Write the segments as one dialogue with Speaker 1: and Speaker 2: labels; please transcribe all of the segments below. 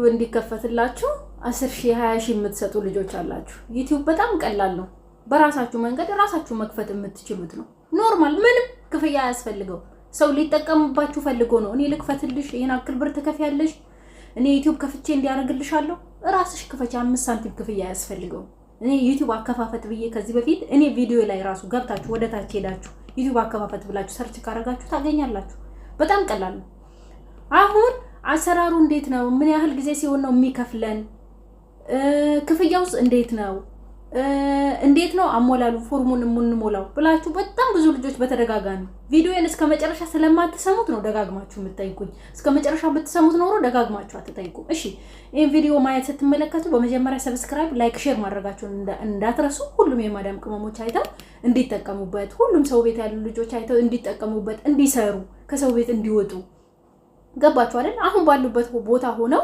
Speaker 1: ዩቲዩብ እንዲከፈትላችሁ አስር ሺህ ሀያ ሺህ የምትሰጡ ልጆች አላችሁ። ዩቲዩብ በጣም ቀላል ነው። በራሳችሁ መንገድ ራሳችሁ መክፈት የምትችሉት ነው። ኖርማል ምንም ክፍያ አያስፈልገው። ሰው ሊጠቀምባችሁ ፈልጎ ነው። እኔ ልክፈትልሽ፣ ይህን አክል ብር ትከፍያለሽ፣ እኔ ዩቲዩብ ከፍቼ እንዲያደርግልሻለሁ። ራስሽ ክፈች፣ አምስት ሳንቲም ክፍያ አያስፈልገው። እኔ ዩቲዩብ አከፋፈት ብዬ ከዚህ በፊት እኔ ቪዲዮ ላይ ራሱ ገብታችሁ ወደ ታች ሄዳችሁ ዩቲዩብ አከፋፈት ብላችሁ ሰርች ካረጋችሁ ታገኛላችሁ። በጣም ቀላል ነው አሁን አሰራሩ እንዴት ነው? ምን ያህል ጊዜ ሲሆን ነው የሚከፍለን? ክፍያውስ እንዴት ነው? እንዴት ነው አሞላሉ ፎርሙን የምንሞላው ብላችሁ በጣም ብዙ ልጆች በተደጋጋሚ ቪዲዮን እስከ መጨረሻ ስለማትሰሙት ነው ደጋግማችሁ የምትጠይቁኝ። እስከ መጨረሻ ብትሰሙት ኖሮ ደጋግማችሁ አትጠይቁም። እሺ፣ ይህን ቪዲዮ ማየት ስትመለከቱ በመጀመሪያ ሰብስክራይብ፣ ላይክ፣ ሼር ማድረጋችሁን እንዳትረሱ። ሁሉም የማዳም ቅመሞች አይተው እንዲጠቀሙበት፣ ሁሉም ሰው ቤት ያሉ ልጆች አይተው እንዲጠቀሙበት፣ እንዲሰሩ፣ ከሰው ቤት እንዲወጡ ገባችሁ አይደል? አሁን ባሉበት ቦታ ሆነው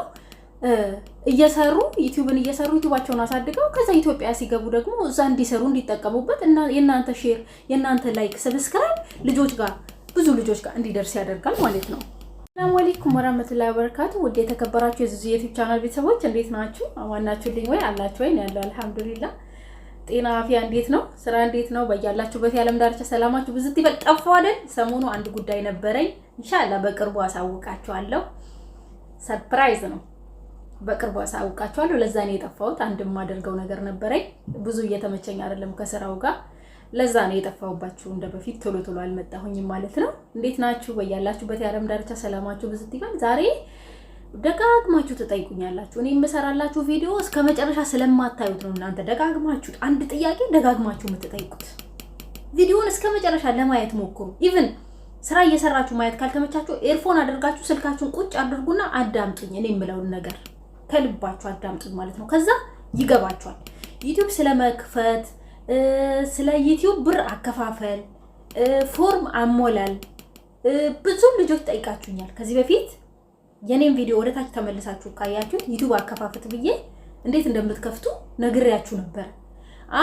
Speaker 1: እየሰሩ ዩቲዩብን እየሰሩ ዩቲዩባቸውን አሳድገው ከዛ ኢትዮጵያ ሲገቡ ደግሞ እዛ እንዲሰሩ እንዲጠቀሙበት የእናንተ ሼር የእናንተ ላይክ ሰብስክራይብ ልጆች ጋር ብዙ ልጆች ጋር እንዲደርስ ያደርጋል ማለት ነው። ሰላም አለይኩም ወራህመቱላሂ ወበረካቱ። ውድ የተከበራችሁ የዙዙ ዩቲዩብ ቻናል ቤተሰቦች እንዴት ናችሁ? አማናችሁልኝ ወይ አላችሁ ወይ? ያለው አልሐምዱሊላህ ጤና አፍያ እንዴት ነው? ስራ እንዴት ነው? በያላችሁበት የዓለም ዳርቻ ሰላማችሁ ብዝት ይበል። ጠፋሁ አይደል? ሰሞኑ አንድ ጉዳይ ነበረኝ። ኢንሻአላ በቅርቡ አሳውቃችኋለሁ። ሰርፕራይዝ ነው። በቅርቡ አሳውቃችኋለሁ። ለዛ ነው የጠፋሁት። አንድ የማደርገው ነገር ነበረኝ። ብዙ እየተመቸኝ አይደለም ከስራው ጋር። ለዛ ነው የጠፋሁባችሁ። እንደ በፊት ቶሎ ቶሎ አልመጣሁኝም ማለት ነው። እንዴት ናችሁ? በያላችሁበት የዓለም ዳርቻ ሰላማችሁ ብዝት ይበል። ዛሬ ደጋግማችሁ ትጠይቁኛላችሁ። እኔ የምሰራላችሁ ቪዲዮ እስከ መጨረሻ ስለማታዩት ነው። እናንተ ደጋግማችሁ አንድ ጥያቄ ደጋግማችሁ የምትጠይቁት ቪዲዮውን እስከ መጨረሻ ለማየት ሞክሩ። ኢቭን ስራ እየሰራችሁ ማየት ካልተመቻችሁ ኤርፎን አድርጋችሁ ስልካችሁን ቁጭ አድርጉና አዳምጡኝ። እኔ የምለውን ነገር ከልባችሁ አዳምጡኝ ማለት ነው። ከዛ ይገባችኋል። ዩቲዩብ ስለ መክፈት፣ ስለ ዩቲዩብ ብር አከፋፈል፣ ፎርም አሞላል ብዙ ልጆች ጠይቃችሁኛል ከዚህ በፊት የኔም ቪዲዮ ወደ ታች ተመልሳችሁ ካያችሁ ዩቲዩብ አከፋፈት ብዬ እንዴት እንደምትከፍቱ ነግሬያችሁ ነበር።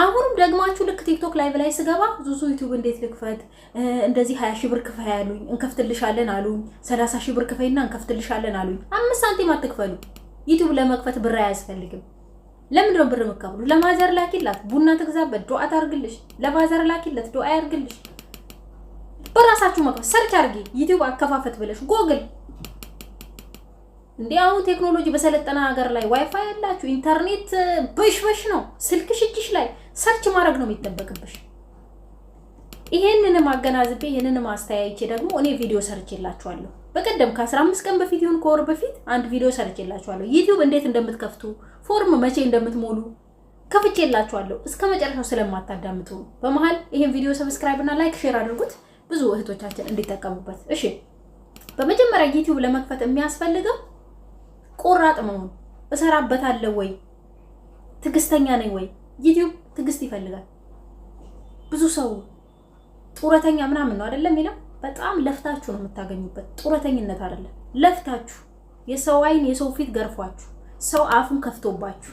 Speaker 1: አሁንም ደግማችሁ ልክ ቲክቶክ ላይቭ ላይ ስገባ ዙዙ ዩቲዩብ እንዴት ልክፈት? እንደዚህ ሀያ ሺህ ብር ክፈይ ያሉኝ እንከፍትልሻለን አሉኝ። ሰላሳ ሺህ ብር ክፈይና እንከፍትልሻለን አሉኝ። አምስት ሳንቲም አትክፈሉ። ዩቲዩብ ለመክፈት ብር አያስፈልግም። ለምንድን ነው ብር የምትከፍሉ? ለማዘር ላኪላት፣ ቡና ትግዛበት፣ ዱዓ ታርግልሽ። ለማዘር ላኪለት፣ ዱዓ ያርግልሽ። በራሳችሁ መክፈት ሰርች አርጊ ዩቲዩብ አከፋፈት ብለሽ ጎግል እንዲያው ቴክኖሎጂ በሰለጠነ ሀገር ላይ ዋይፋይ ያላችሁ ኢንተርኔት በሽበሽ ነው። ስልክሽ እጅሽ ላይ ሰርች ማድረግ ነው የሚጠበቅብሽ። ይሄንንም አገናዝቤ ይህንንም አስተያይቼ ደግሞ እኔ ቪዲዮ ሰርች የላችኋለሁ። በቀደም ከ15 ቀን በፊት ይሁን ከወር በፊት አንድ ቪዲዮ ሰርች የላችኋለሁ። ዩቲዩብ እንዴት እንደምትከፍቱ ፎርም መቼ እንደምትሞሉ ከፍቼ የላችኋለሁ። እስከ መጨረሻው ስለማታዳምጡ በመሀል ይሄን ቪዲዮ ሰብስክራይብ እና ላይክ ሼር አድርጉት ብዙ እህቶቻችን እንዲጠቀሙበት። እሺ፣ በመጀመሪያ ዩቲዩብ ለመክፈት የሚያስፈልገው ቆራጥ መሆን እሰራበታለሁ ወይ ትግስተኛ ነኝ ወይ? ዩቲዩብ ትግስት ይፈልጋል። ብዙ ሰው ጡረተኛ ምናምን ነው አይደለም የሚለው። በጣም ለፍታችሁ ነው የምታገኙበት። ጡረተኝነት አይደለም፣ ለፍታችሁ የሰው አይን የሰው ፊት ገርፏችሁ ሰው አፉን ከፍቶባችሁ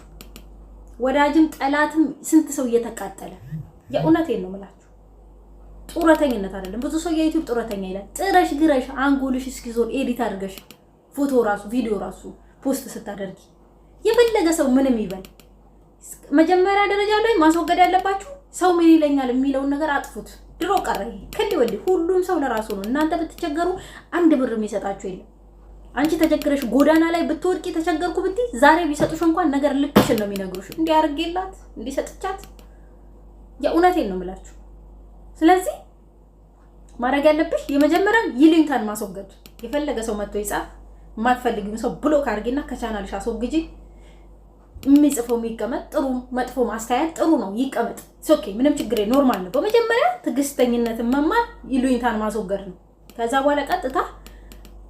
Speaker 1: ወዳጅም ጠላትም ስንት ሰው እየተቃጠለ የእውነቴን ነው የምላችሁ። ጡረተኝነት አይደለም። ብዙ ሰው የዩቲዩብ ጡረተኛ ይላል። ጥረሽ ግረሽ አንጎልሽ እስኪዞር ኤዲት አድርገሽ ፎቶ ራሱ ቪዲዮ ራሱ ፖስት ስታደርጊ የፈለገ ሰው ምንም ይበል፣ መጀመሪያ ደረጃ ላይ ማስወገድ ያለባችሁ ሰው ምን ይለኛል የሚለውን ነገር አጥፉት። ድሮ ቀረ ከዲ ወዲ ሁሉም ሰው ለራሱ ነው። እናንተ ብትቸገሩ አንድ ብር የሚሰጣችሁ የለም። አንቺ ተቸግረሽ ጎዳና ላይ ብትወድቂ ተቸገርኩ ብትይ ዛሬ ቢሰጡሽ እንኳን ነገር ልክሽን ነው የሚነግሩሽ። እንዲህ አድርጌላት የእውነቴን ነው የምላችሁ። ስለዚህ ማድረግ ያለብሽ የመጀመሪያው ይሉኝታን ማስወገድ። የፈለገ ሰው መጥቶ ይጻፍ የማትፈልጊው ሰው ብሎክ አድርጊና ከቻናልሽ አስወግጂ። የሚጽፈው የሚቀመጥ ጥሩ መጥፎ ማስተያየት ጥሩ ነው ይቀመጥ። ኦኬ ምንም ችግር ኖርማል ነው። በመጀመሪያ ትዕግስተኝነትን መማር ይሉኝታን ማስወገድ ነው። ከዛ በኋላ ቀጥታ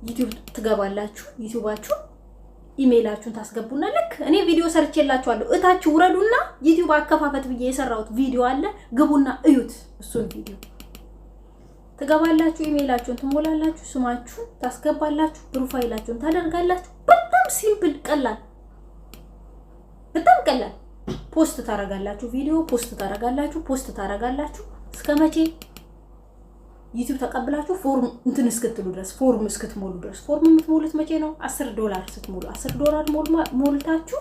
Speaker 1: ዩቲዩብ ትገባላችሁ። ዩቲዩባችሁ ኢሜይላችሁን ታስገቡና ልክ እኔ ቪዲዮ ሰርቼላችኋለሁ። እታችሁ ውረዱና ዩቲዩብ አከፋፈት ብዬ የሰራሁት ቪዲዮ አለ፣ ግቡና እዩት እሱን ቪዲዮ ትገባላችሁ፣ ኢሜይላችሁን ትሞላላችሁ፣ ስማችሁን ታስገባላችሁ፣ ፕሮፋይላችሁን ታደርጋላችሁ። በጣም ሲምፕል ቀላል፣ በጣም ቀላል። ፖስት ታረጋላችሁ፣ ቪዲዮ ፖስት ታረጋላችሁ፣ ፖስት ታረጋላችሁ። እስከ መቼ ዩቲዩብ ተቀብላችሁ ፎርም እንትን እስክትሉ ድረስ ፎርም እስክትሞሉ ድረስ። ፎርም የምትሞሉት መቼ ነው? አስር ዶላር ስትሞሉ። አስር ዶላር ሞልታችሁ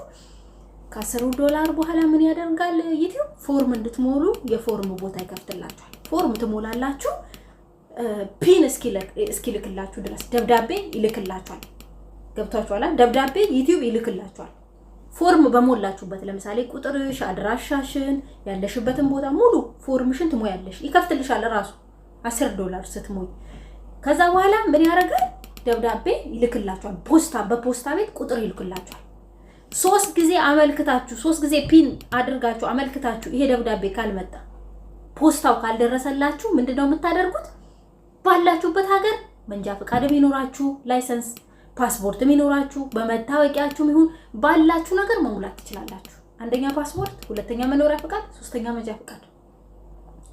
Speaker 1: ከአስሩ ዶላር በኋላ ምን ያደርጋል ዩቲዩብ? ፎርም እንድትሞሉ የፎርም ቦታ ይከፍትላችኋል። ፎርም ትሞላላችሁ። ፒን እስኪልክላችሁ ድረስ ደብዳቤ ይልክላችኋል። ገብቷችኋል? ደብዳቤ ዩቲዩብ ይልክላችኋል። ፎርም በሞላችሁበት ለምሳሌ ቁጥርሽ፣ አድራሻሽን፣ ያለሽበትን ቦታ ሙሉ ፎርምሽን ትሞያለሽ። ይከፍትልሻል ራሱ አስር ዶላር ስትሞይ። ከዛ በኋላ ምን ያደርጋል? ደብዳቤ ይልክላችኋል። ፖስታ በፖስታ ቤት ቁጥር ይልክላችኋል። ሶስት ጊዜ አመልክታችሁ ሶስት ጊዜ ፒን አድርጋችሁ አመልክታችሁ ይሄ ደብዳቤ ካልመጣ ፖስታው ካልደረሰላችሁ ምንድነው የምታደርጉት? ባላችሁበት ሀገር መንጃ ፈቃድም ይኖራችሁ ላይሰንስ ፓስፖርትም ይኖራችሁ በመታወቂያችሁም ይሁን ባላችሁ ነገር መሙላት ትችላላችሁ። አንደኛ ፓስፖርት፣ ሁለተኛ መኖሪያ ፈቃድ፣ ሶስተኛ መንጃ ፈቃድ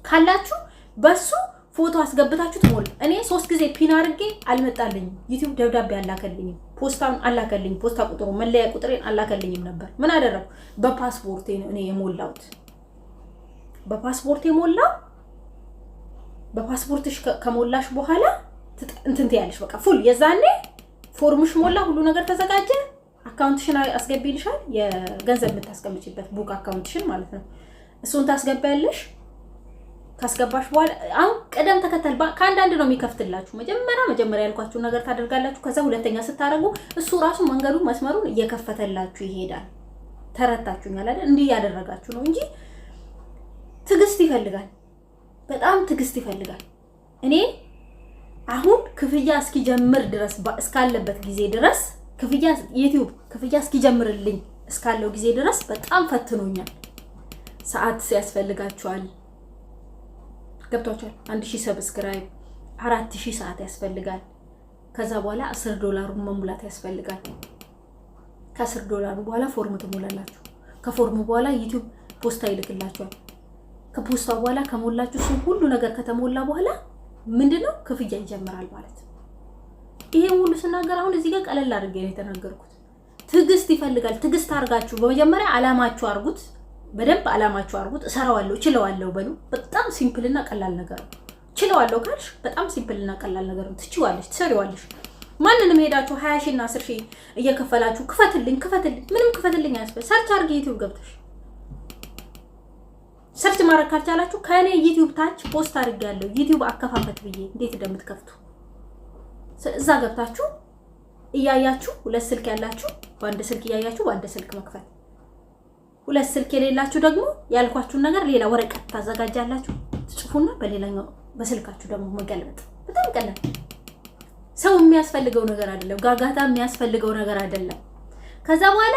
Speaker 1: ካላችሁ በሱ ፎቶ አስገብታችሁ ትሞል። እኔ ሶስት ጊዜ ፒን አድርጌ አልመጣልኝም። ዩቲዩብ ደብዳቤ አላከልኝም፣ ፖስታውን አላከልኝም፣ ፖስታ ቁጥሩ መለያ ቁጥሬን አላከልኝም ነበር። ምን አደረግኩ? በፓስፖርት እኔ የሞላሁት፣ በፓስፖርት የሞላው በፓስፖርትሽ ከሞላሽ በኋላ እንትንት ያለሽ በቃ ፉል የዛኔ ፎርምሽ ሞላ፣ ሁሉ ነገር ተዘጋጀ። አካውንትሽን አስገቢልሻል። የገንዘብ የምታስቀምጭበት ቡክ አካውንትሽን ማለት ነው። እሱን ታስገቢያለሽ። ካስገባሽ በኋላ አሁን ቅደም ተከተል ከአንዳንድ ነው የሚከፍትላችሁ። መጀመሪያ መጀመሪያ ያልኳችሁ ነገር ታደርጋላችሁ። ከዛ ሁለተኛ ስታደርጉ እሱ ራሱ መንገዱ መስመሩን እየከፈተላችሁ ይሄዳል። ተረታችሁኛል አይደል? እንዲህ እያደረጋችሁ ነው እንጂ ትዕግስት ይፈልጋል። በጣም ትግስት ይፈልጋል። እኔ አሁን ክፍያ እስኪጀምር ድረስ እስካለበት ጊዜ ድረስ ክፍያ ዩቲዩብ ክፍያ እስኪጀምርልኝ እስካለው ጊዜ ድረስ በጣም ፈትኖኛል። ሰዓት ያስፈልጋችኋል። ገብቷችኋል? አንድ ሺህ ሰብስክራይብ አራት ሺህ ሰዓት ያስፈልጋል። ከዛ በኋላ አስር ዶላሩን መሙላት ያስፈልጋል። ከአስር ዶላሩ በኋላ ፎርም ትሞላላችሁ። ከፎርሙ በኋላ ዩቲዩብ ፖስታ ይልክላችኋል። ከፖስታ በኋላ ከሞላችሁ እሱ ሁሉ ነገር ከተሞላ በኋላ ምንድነው ክፍያ ይጀምራል ማለት ነው። ይሄ ሁሉ ስናገር አሁን እዚህ ጋር ቀለል አድርጌ ነው የተናገርኩት። ትዕግስት ይፈልጋል። ትዕግስት አድርጋችሁ በመጀመሪያ አላማችሁ አድርጉት፣ በደንብ አላማችሁ አድርጉት። እሰራዋለሁ፣ ችለዋለሁ በሉ። በጣም ሲምፕልና ቀላል ነገር ነው። ችለዋለሁ ካልሽ በጣም ሲምፕልና ቀላል ነገር ነው። ትችዋለሽ፣ ትሰሪዋለሽ። ማንንም ሄዳችሁ ሀያ ሺ እና አስር ሺ እየከፈላችሁ ክፈትልኝ፣ ክፈትልኝ፣ ምንም ክፈትልኝ አያስፈልግም። ሰርች አድርጊ ዩቲዩብ ገብተሽ ሰርች ማድረግ ካልቻላችሁ ከእኔ ዩቲዩብ ታች ፖስት አድርጌያለሁ። ዩቲዩብ አከፋፈት ብዬ እንዴት እንደምትከፍቱ እዛ ገብታችሁ እያያችሁ ሁለት ስልክ ያላችሁ በአንድ ስልክ እያያችሁ በአንድ ስልክ መክፈት። ሁለት ስልክ የሌላችሁ ደግሞ ያልኳችሁን ነገር ሌላ ወረቀት ታዘጋጃላችሁ፣ ትጽፉና በሌላኛው በስልካችሁ ደግሞ መገልበጥ። በጣም ቀላል። ሰው የሚያስፈልገው ነገር አይደለም፣ ጋጋታ የሚያስፈልገው ነገር አይደለም። ከዛ በኋላ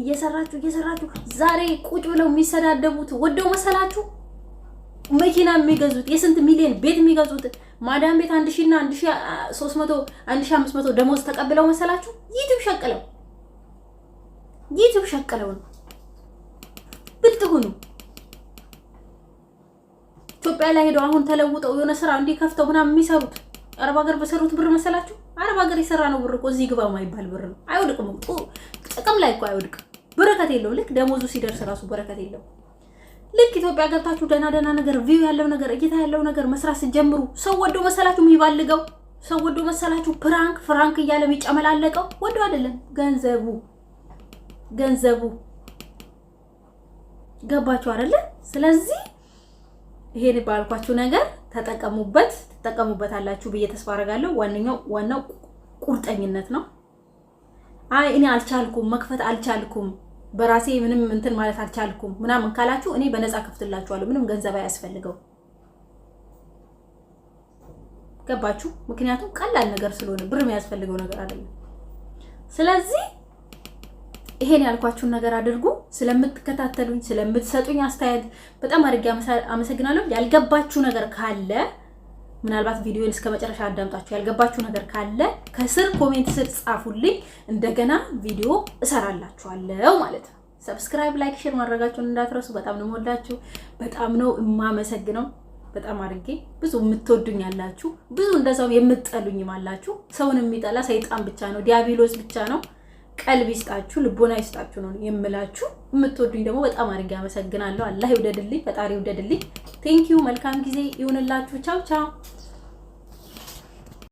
Speaker 1: እየሰራችሁ እየሰራችሁ ዛሬ ቁጭ ብለው የሚሰዳደቡት ወደው መሰላችሁ መኪና የሚገዙት የስንት ሚሊዮን ቤት የሚገዙት ማዳም ቤት አንድ ሺና አንድ ሺ ሶስት መቶ አንድ ሺ አምስት መቶ ደሞዝ ተቀብለው መሰላችሁ ዩቲዩብ ሸቅለው ዩቲዩብ ሸቅለው ነው ብልጥ ሁኑ። ኢትዮጵያ ላይ ሄደው አሁን ተለውጠው የሆነ ስራ ከፍተው ምናምን የሚሰሩት አረብ ሀገር በሰሩት ብር መሰላችሁ? አረብ ሀገር የሰራ ነው ብር እኮ እዚህ ግባ ማይባል ብር ነው። አይወድቅም ጥቅም ላይ እኮ አይወድቅም። በረከት የለው። ልክ ደሞዙ ሲደርስ ራሱ በረከት የለው። ልክ ኢትዮጵያ ገብታችሁ ደህና ደህና ነገር ቪው ያለው ነገር እይታ ያለው ነገር መስራት ስትጀምሩ ሰው ወዶ መሰላችሁ የሚባልገው ሰው ወዶ መሰላችሁ ፕራንክ ፍራንክ እያለ የሚጨመላለቀው ወዶ አይደለም፣ ገንዘቡ ገንዘቡ ገባችሁ አይደለ? ስለዚህ ይሄን ባልኳችሁ ነገር ተጠቀሙበት ትጠቀሙበታላችሁ ብዬ ተስፋ አደርጋለሁ። ዋነኛው ዋናው ቁርጠኝነት ነው። አይ እኔ አልቻልኩም መክፈት አልቻልኩም በራሴ ምንም እንትን ማለት አልቻልኩም ምናምን ካላችሁ እኔ በነፃ ከፍትላችኋለሁ። ምንም ገንዘብ አያስፈልገው። ገባችሁ? ምክንያቱም ቀላል ነገር ስለሆነ ብር የሚያስፈልገው ነገር አይደለም። ስለዚህ ይሄን ያልኳችሁን ነገር አድርጉ። ስለምትከታተሉኝ፣ ስለምትሰጡኝ አስተያየት በጣም አድርጌ አመሰግናለሁ። ያልገባችሁ ነገር ካለ ምናልባት ቪዲዮን እስከ መጨረሻ አዳምጣችሁ ያልገባችሁ ነገር ካለ ከስር ኮሜንት ስር ጻፉልኝ። እንደገና ቪዲዮ እሰራላችኋለሁ ማለት ነው። ሰብስክራይብ፣ ላይክ፣ ሼር ማድረጋችሁን እንዳትረሱ። በጣም ነው የምወዳችሁ፣ በጣም ነው የማመሰግነው። በጣም አድርጌ ብዙ የምትወዱኝ አላችሁ፣ ብዙ እንደዛው የምትጠሉኝም አላችሁ። ሰውን የሚጠላ ሰይጣን ብቻ ነው፣ ዲያብሎስ ብቻ ነው። ቀልብ ይስጣችሁ፣ ልቦና ይስጣችሁ ነው የምላችሁ። የምትወዱኝ ደግሞ በጣም አድርጌ አመሰግናለሁ። አላህ ይውደድልኝ፣ ፈጣሪ ይውደድልኝ። ቴንኪዩ። መልካም ጊዜ ይሁንላችሁ። ቻው ቻው።